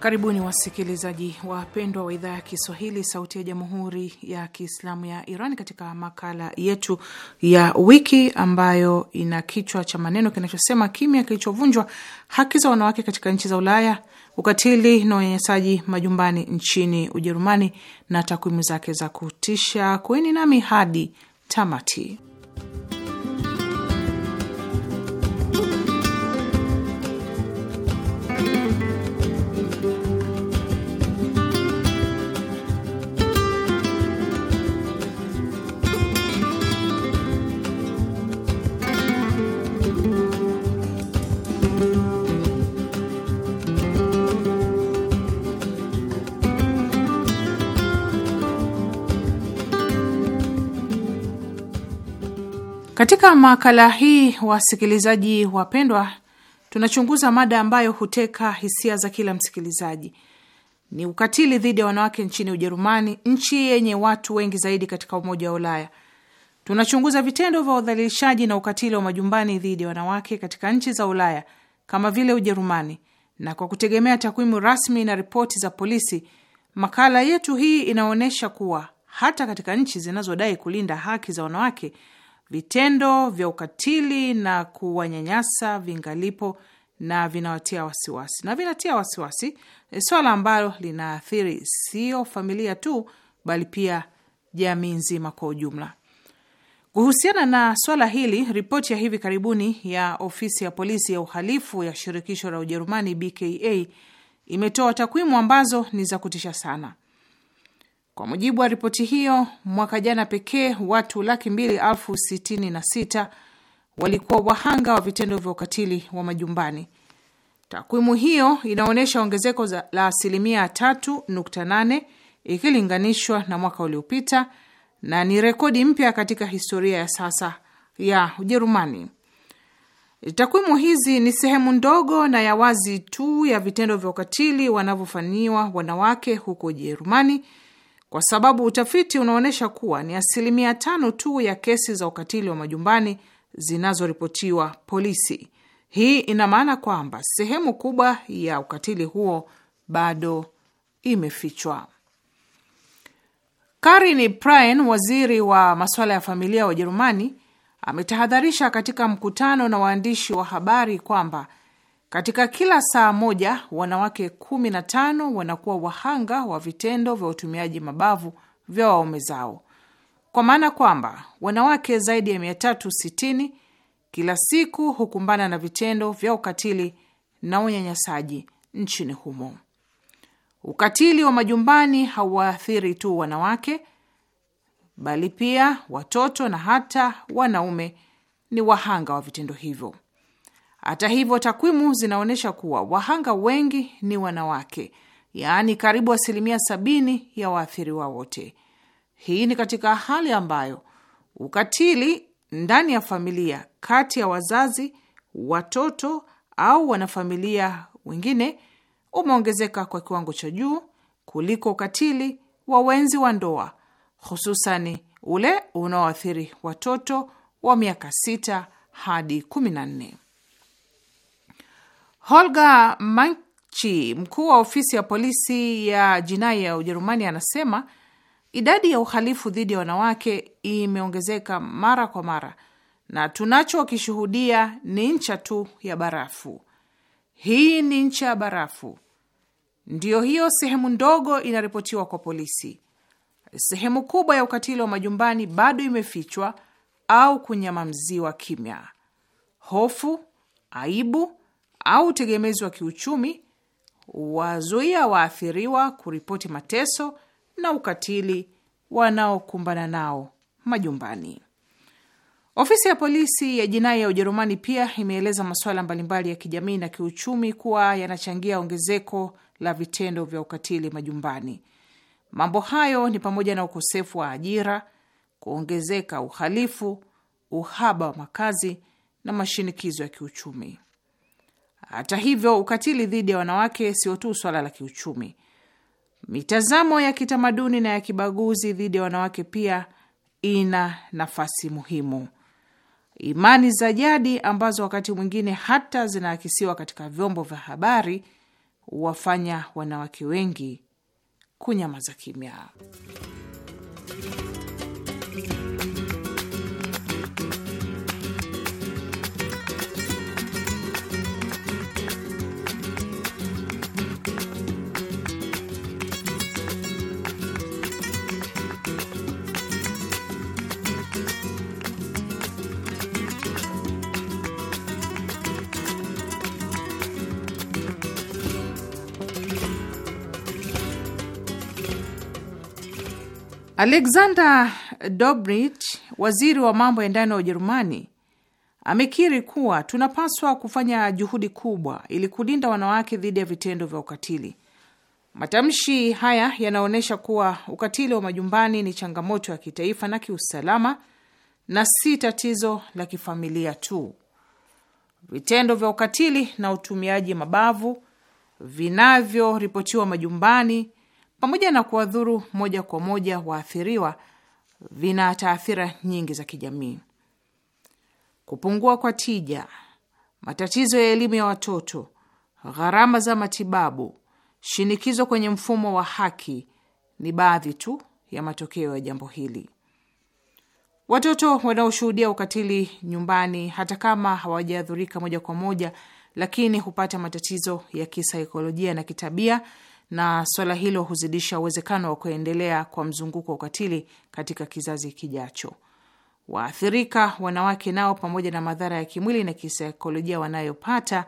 Karibuni wasikilizaji wapendwa wa idhaa ya Kiswahili sauti ya jamhuri ya Kiislamu ya Iran katika makala yetu ya wiki ambayo ina kichwa cha maneno kinachosema kimya kilichovunjwa, haki za wanawake katika nchi za Ulaya ukatili na unyanyasaji majumbani nchini Ujerumani na takwimu zake za kutisha. Kuweni nami hadi tamati. Katika makala hii, wasikilizaji wapendwa, tunachunguza mada ambayo huteka hisia za kila msikilizaji: ni ukatili dhidi ya wanawake nchini Ujerumani, nchi yenye watu wengi zaidi katika Umoja wa Ulaya. Tunachunguza vitendo vya udhalilishaji na ukatili wa majumbani dhidi ya wanawake katika nchi za Ulaya kama vile Ujerumani, na kwa kutegemea takwimu rasmi na ripoti za polisi, makala yetu hii inaonyesha kuwa hata katika nchi zinazodai kulinda haki za wanawake vitendo vya ukatili na kuwanyanyasa vingalipo na vinawatia wasiwasi na vinatia wasiwasi, eh, swala ambalo linaathiri sio familia tu, bali pia jamii nzima kwa ujumla. Kuhusiana na swala hili, ripoti ya hivi karibuni ya ofisi ya polisi ya uhalifu ya shirikisho la Ujerumani, BKA, imetoa takwimu ambazo ni za kutisha sana. Kwa mujibu wa ripoti hiyo, mwaka jana pekee watu laki mbili elfu sitini na sita walikuwa wahanga wa vitendo vya ukatili wa majumbani. Takwimu hiyo inaonyesha ongezeko la asilimia 3.8 ikilinganishwa na mwaka uliopita na ni rekodi mpya katika historia ya sasa ya Ujerumani. Takwimu hizi ni sehemu ndogo na ya wazi tu ya vitendo vya ukatili wanavyofanyiwa wanawake huko Ujerumani kwa sababu utafiti unaonyesha kuwa ni asilimia tano tu ya kesi za ukatili wa majumbani zinazoripotiwa polisi. Hii ina maana kwamba sehemu kubwa ya ukatili huo bado imefichwa. Karin Prien, waziri wa masuala ya familia wa Ujerumani, ametahadharisha katika mkutano na waandishi wa habari kwamba katika kila saa moja wanawake kumi na tano wanakuwa wahanga wa vitendo vya utumiaji mabavu vya waume zao, kwa maana kwamba wanawake zaidi ya sitini kila siku hukumbana na vitendo vya ukatili na unyanyasaji nchini humo. Ukatili wa majumbani hauwaathiri tu wanawake, bali pia watoto na hata wanaume ni wahanga wa vitendo hivyo. Hata hivyo, takwimu zinaonyesha kuwa wahanga wengi ni wanawake, yaani karibu asilimia sabini ya waathiriwa wote. Hii ni katika hali ambayo ukatili ndani ya familia kati ya wazazi, watoto au wanafamilia wengine umeongezeka kwa kiwango cha juu kuliko ukatili wa wenzi wa ndoa, hususani ule unaoathiri watoto wa miaka sita hadi kumi na nne holga Manchi, mkuu wa ofisi ya polisi ya jinai ya Ujerumani, anasema idadi ya uhalifu dhidi ya wanawake imeongezeka mara kwa mara na tunachokishuhudia ni ncha tu ya barafu. Hii ni ncha ya barafu, ndiyo hiyo sehemu ndogo inaripotiwa kwa polisi. Sehemu kubwa ya ukatili wa majumbani bado imefichwa au kunyamamziwa kimya. Hofu, aibu au utegemezi wa kiuchumi wazuia waathiriwa kuripoti mateso na ukatili wanaokumbana nao majumbani. Ofisi ya polisi ya jinai ya Ujerumani pia imeeleza masuala mbalimbali ya kijamii na kiuchumi kuwa yanachangia ongezeko la vitendo vya ukatili majumbani. Mambo hayo ni pamoja na ukosefu wa ajira, kuongezeka uhalifu, uhaba wa makazi na mashinikizo ya kiuchumi. Hata hivyo, ukatili dhidi ya wanawake sio tu swala la kiuchumi. Mitazamo ya kitamaduni na ya kibaguzi dhidi ya wanawake pia ina nafasi muhimu. Imani za jadi ambazo wakati mwingine hata zinaakisiwa katika vyombo vya habari huwafanya wanawake wengi kunyamaza kimya. Alexander Dobrindt, waziri wa mambo ya ndani wa Ujerumani, amekiri kuwa tunapaswa kufanya juhudi kubwa ili kulinda wanawake dhidi ya vitendo vya ukatili. Matamshi haya yanaonyesha kuwa ukatili wa majumbani ni changamoto ya kitaifa na kiusalama na si tatizo la kifamilia tu. Vitendo vya ukatili na utumiaji mabavu vinavyoripotiwa majumbani pamoja na kuwadhuru moja kwa moja waathiriwa, vina taathira nyingi za kijamii: kupungua kwa tija, matatizo ya elimu ya watoto, gharama za matibabu, shinikizo kwenye mfumo wa haki ni baadhi tu ya matokeo ya jambo hili. Watoto wanaoshuhudia ukatili nyumbani, hata kama hawajaadhurika moja kwa moja, lakini hupata matatizo ya kisaikolojia na kitabia na swala hilo huzidisha uwezekano wa kuendelea kwa mzunguko wa ukatili katika kizazi kijacho. Waathirika wanawake nao, pamoja na madhara ya kimwili na kisaikolojia wanayopata,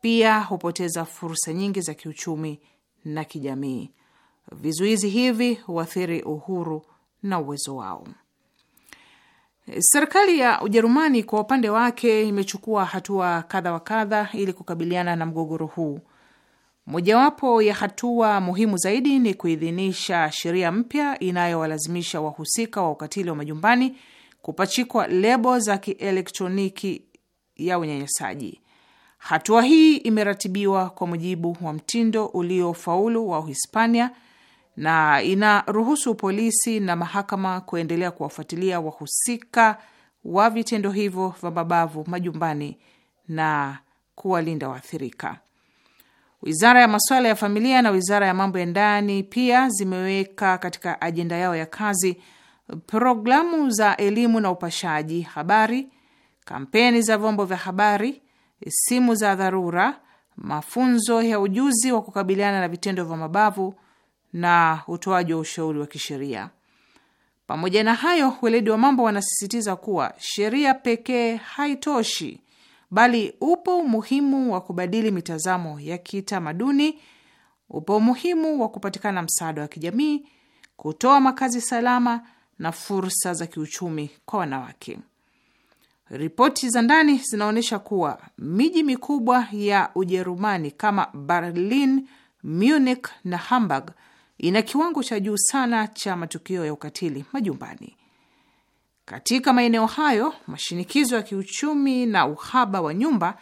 pia hupoteza fursa nyingi za kiuchumi na kijamii. Vizuizi hivi huathiri uhuru na uwezo wao. Serikali ya Ujerumani kwa upande wake imechukua hatua kadha wa kadha ili kukabiliana na mgogoro huu. Mojawapo ya hatua muhimu zaidi ni kuidhinisha sheria mpya inayowalazimisha wahusika wa ukatili wa majumbani kupachikwa lebo za kielektroniki ya unyanyasaji. Hatua hii imeratibiwa kwa mujibu wa mtindo uliofaulu wa Uhispania na inaruhusu polisi na mahakama kuendelea kuwafuatilia wahusika wa vitendo hivyo vya mabavu majumbani na kuwalinda waathirika. Wizara ya masuala ya familia na wizara ya mambo ya ndani pia zimeweka katika ajenda yao ya kazi programu za elimu na upashaji habari, kampeni za vyombo vya habari, simu za dharura, mafunzo ya ujuzi wa kukabiliana na vitendo vya mabavu na utoaji wa ushauri wa kisheria. Pamoja na hayo, weledi wa mambo wanasisitiza kuwa sheria pekee haitoshi bali upo umuhimu wa kubadili mitazamo ya kitamaduni, upo umuhimu wa kupatikana msaada wa kijamii, kutoa makazi salama na fursa za kiuchumi kwa wanawake. Ripoti za ndani zinaonyesha kuwa miji mikubwa ya Ujerumani kama Berlin, Munich na Hamburg ina kiwango cha juu sana cha matukio ya ukatili majumbani. Katika maeneo hayo, mashinikizo ya kiuchumi na uhaba wa nyumba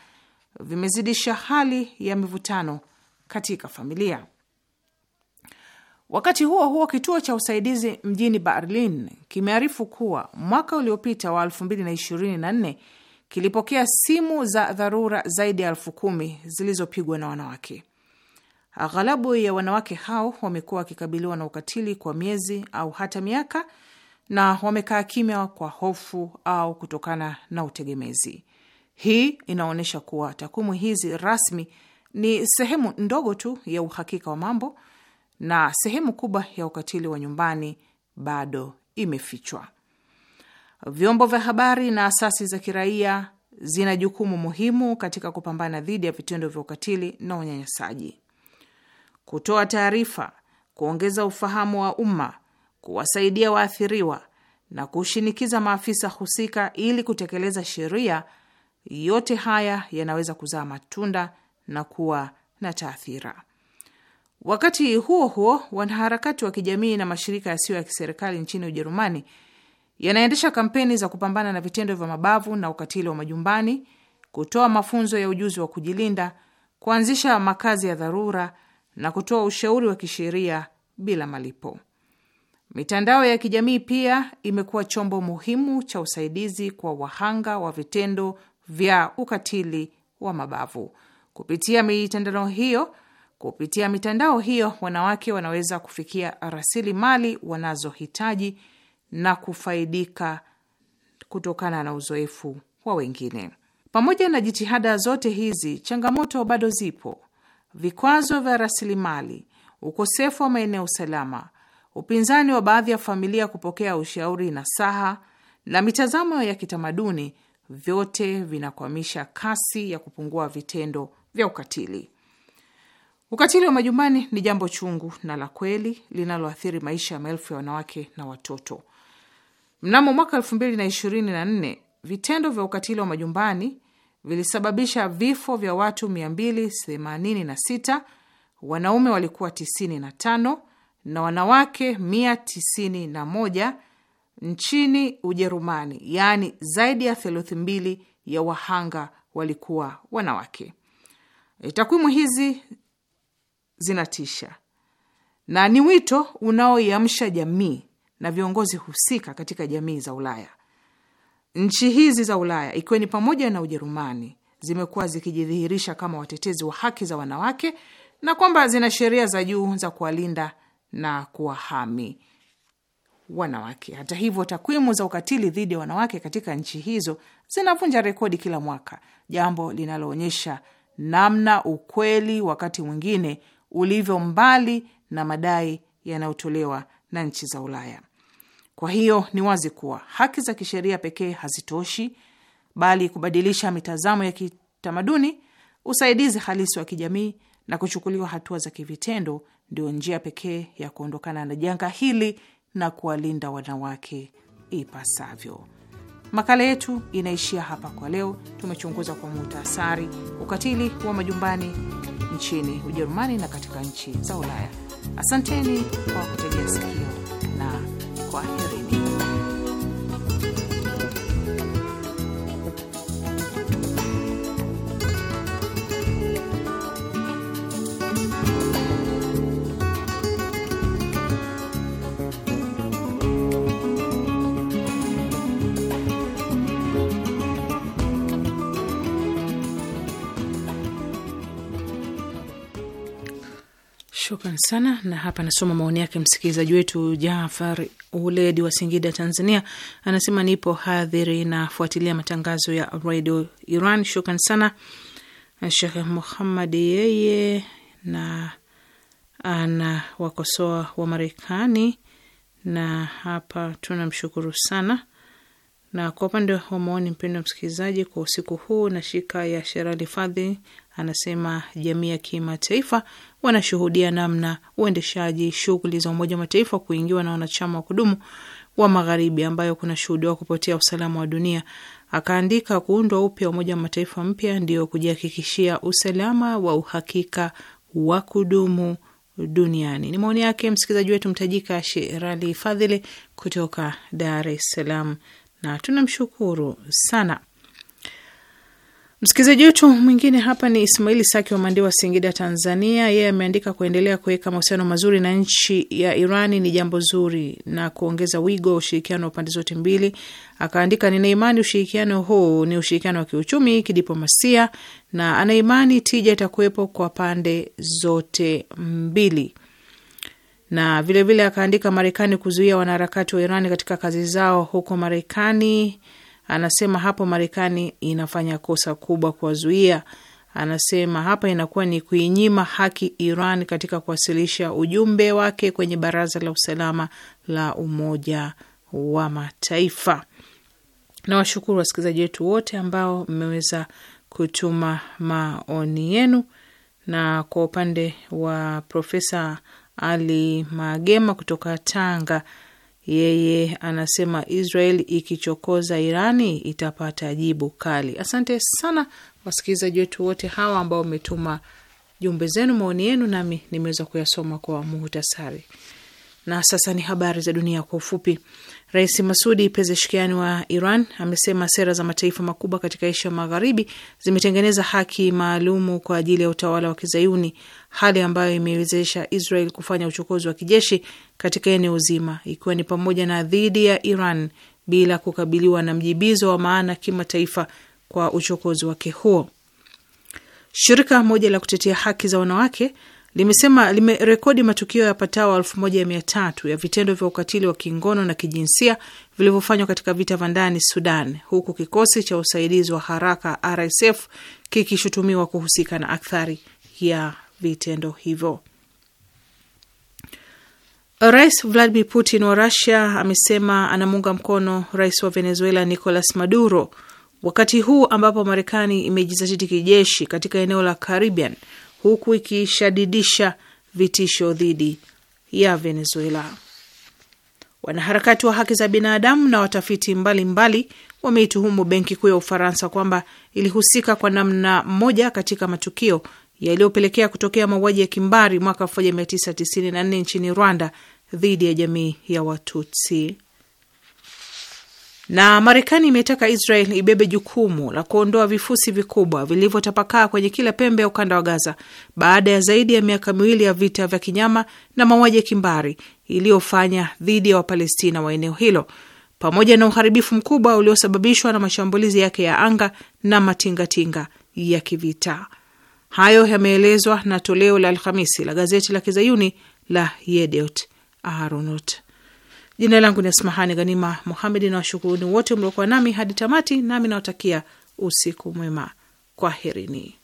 vimezidisha hali ya mivutano katika familia. Wakati huo huo, kituo cha usaidizi mjini Berlin kimearifu kuwa mwaka uliopita wa 2024 kilipokea simu za dharura zaidi ya elfu kumi zilizopigwa na wanawake. Aghalabu ya wanawake hao wamekuwa wakikabiliwa na ukatili kwa miezi au hata miaka na wamekaa kimya kwa hofu au kutokana na utegemezi. Hii inaonyesha kuwa takwimu hizi rasmi ni sehemu ndogo tu ya uhakika wa mambo na sehemu kubwa ya ukatili wa nyumbani bado imefichwa. Vyombo vya habari na asasi za kiraia zina jukumu muhimu katika kupambana dhidi ya vitendo vya ukatili na unyanyasaji. Kutoa taarifa, kuongeza ufahamu wa umma kuwasaidia waathiriwa na kushinikiza maafisa husika ili kutekeleza sheria, yote haya yanaweza kuzaa matunda na kuwa na taathira. Wakati huo huo, wanaharakati wa kijamii na mashirika yasiyo ya kiserikali nchini Ujerumani yanaendesha kampeni za kupambana na vitendo vya mabavu na ukatili wa majumbani, kutoa mafunzo ya ujuzi wa kujilinda, kuanzisha makazi ya dharura na kutoa ushauri wa kisheria bila malipo. Mitandao ya kijamii pia imekuwa chombo muhimu cha usaidizi kwa wahanga wa vitendo vya ukatili wa mabavu. Kupitia mitandao hiyo kupitia mitandao hiyo wanawake wanaweza kufikia rasilimali wanazohitaji na kufaidika kutokana na uzoefu wa wengine. Pamoja na jitihada zote hizi, changamoto bado zipo: vikwazo vya rasilimali, ukosefu wa maeneo salama upinzani wa baadhi ya familia kupokea ushauri na saha na mitazamo ya kitamaduni, vyote vinakwamisha kasi ya kupungua vitendo vya ukatili. Ukatili wa majumbani ni jambo chungu na la kweli linaloathiri maisha ya maelfu ya wanawake na watoto. Mnamo mwaka nne vitendo vya ukatili wa majumbani vilisababisha vifo vya watu 286, wanaume walikuwa 95 na wanawake mia tisini na moja nchini Ujerumani, yaani zaidi ya theluthi mbili ya wahanga walikuwa wanawake. E, takwimu hizi zinatisha na ni wito unaoiamsha jamii na viongozi husika katika jamii za Ulaya. Nchi hizi za Ulaya ikiwa ni pamoja na Ujerumani zimekuwa zikijidhihirisha kama watetezi wa haki za wanawake na kwamba zina sheria za juu za kuwalinda na kuwahami wanawake. Hata hivyo, takwimu za ukatili dhidi ya wanawake katika nchi hizo zinavunja rekodi kila mwaka, jambo linaloonyesha namna ukweli wakati mwingine ulivyo mbali na madai yanayotolewa na nchi za Ulaya. Kwa hiyo ni wazi kuwa haki za kisheria pekee hazitoshi, bali kubadilisha mitazamo ya kitamaduni, usaidizi halisi wa kijamii na kuchukuliwa hatua za kivitendo ndio njia pekee ya kuondokana na janga hili na kuwalinda wanawake ipasavyo. Makala yetu inaishia hapa kwa leo. Tumechunguza kwa muhtasari ukatili wa majumbani nchini Ujerumani na katika nchi za Ulaya. Asanteni kwa kutegea sikio na kwaherini. Shukran sana. Na hapa nasoma maoni yake msikilizaji wetu Jafar Uledi wa Singida, Tanzania, anasema nipo hadhiri nafuatilia matangazo ya radio Iran. Shukran sana eh, Shekhe Muhammad, yeye na wakosoa wa Marekani, na hapa tunamshukuru sana. Na kwa upande wa maoni, mpendo wa msikilizaji, kwa usiku huu, na shika ya Sherali Fadhi anasema jamii ya kimataifa wanashuhudia namna uendeshaji shughuli za Umoja wa Mataifa kuingiwa na wanachama wa kudumu wa Magharibi, ambayo kunashuhudiwa kupotea usalama wa dunia. Akaandika, kuundwa upya Umoja wa Mataifa mpya ndio kujihakikishia usalama wa uhakika wa kudumu duniani. Ni maoni yake msikilizaji wetu mtajika Sherali Fadhili kutoka Dar es Salaam, na tunamshukuru sana. Msikilizaji wetu mwingine hapa ni Ismaili Saki wa Mandewa, Singida, Tanzania. Yeye ameandika kuendelea kuweka mahusiano mazuri na nchi ya Irani ni jambo zuri na kuongeza wigo wa ushirikiano wa pande zote mbili. Akaandika, ninaimani ushirikiano huu ni ushirikiano wa kiuchumi, kidiplomasia na anaimani tija itakuwepo kwa pande zote mbili na vilevile akaandika, Marekani kuzuia wanaharakati wa Irani katika kazi zao huko Marekani Anasema hapo Marekani inafanya kosa kubwa kuwazuia. Anasema hapa inakuwa ni kuinyima haki Iran katika kuwasilisha ujumbe wake kwenye Baraza la Usalama la Umoja wa Mataifa. Na washukuru wasikilizaji wetu wote ambao mmeweza kutuma maoni yenu. Na kwa upande wa Profesa Ali Magema kutoka Tanga yeye anasema Israel ikichokoza Irani itapata jibu kali. Asante sana wasikilizaji wetu wote hawa ambao umetuma jumbe zenu, maoni yenu, nami nimeweza kuyasoma kwa muhtasari. Na sasa ni habari za dunia kwa ufupi. Rais Masudi Pezeshkiani wa Iran amesema sera za mataifa makubwa katika Asia Magharibi zimetengeneza haki maalumu kwa ajili ya utawala wa Kizayuni, hali ambayo imewezesha Israel kufanya uchokozi wa kijeshi katika eneo zima, ikiwa ni pamoja na dhidi ya Iran bila kukabiliwa na mjibizo wa maana kimataifa kwa uchokozi wake huo. Shirika moja la kutetea haki za wanawake limesema limerekodi matukio ya elfu moja mia tatu ya vitendo vya ukatili wa kingono na kijinsia vilivyofanywa katika vita vya ndani Sudan, huku kikosi cha usaidizi wa haraka RSF kikishutumiwa kuhusika na akthari ya vitendo hivyo. Rais Vladimir Putin wa Rusia amesema anamuunga mkono rais wa Venezuela Nicolas Maduro wakati huu ambapo Marekani imejizatiti kijeshi katika eneo la Caribbean huku ikishadidisha vitisho dhidi ya Venezuela. Wanaharakati wa haki za binadamu na watafiti mbalimbali wameituhumu benki kuu ya Ufaransa kwamba ilihusika kwa namna moja katika matukio yaliyopelekea kutokea mauaji ya kimbari mwaka 1994 nchini Rwanda dhidi ya jamii ya Watutsi. Na Marekani imetaka Israel ibebe jukumu la kuondoa vifusi vikubwa vilivyotapakaa kwenye kila pembe ya ukanda wa Gaza baada ya zaidi ya miaka miwili ya vita vya kinyama na mauaji ya kimbari iliyofanya dhidi ya Wapalestina wa eneo hilo pamoja na uharibifu mkubwa uliosababishwa na mashambulizi yake ya anga na matingatinga ya kivita. Hayo yameelezwa na toleo la Alhamisi la gazeti la kizayuni la Yediot Aharonot. Jina langu ni Asmahani Ghanima Muhamedi na washukuruni wote mliokuwa nami hadi tamati, nami nawatakia usiku mwema. Kwaherini.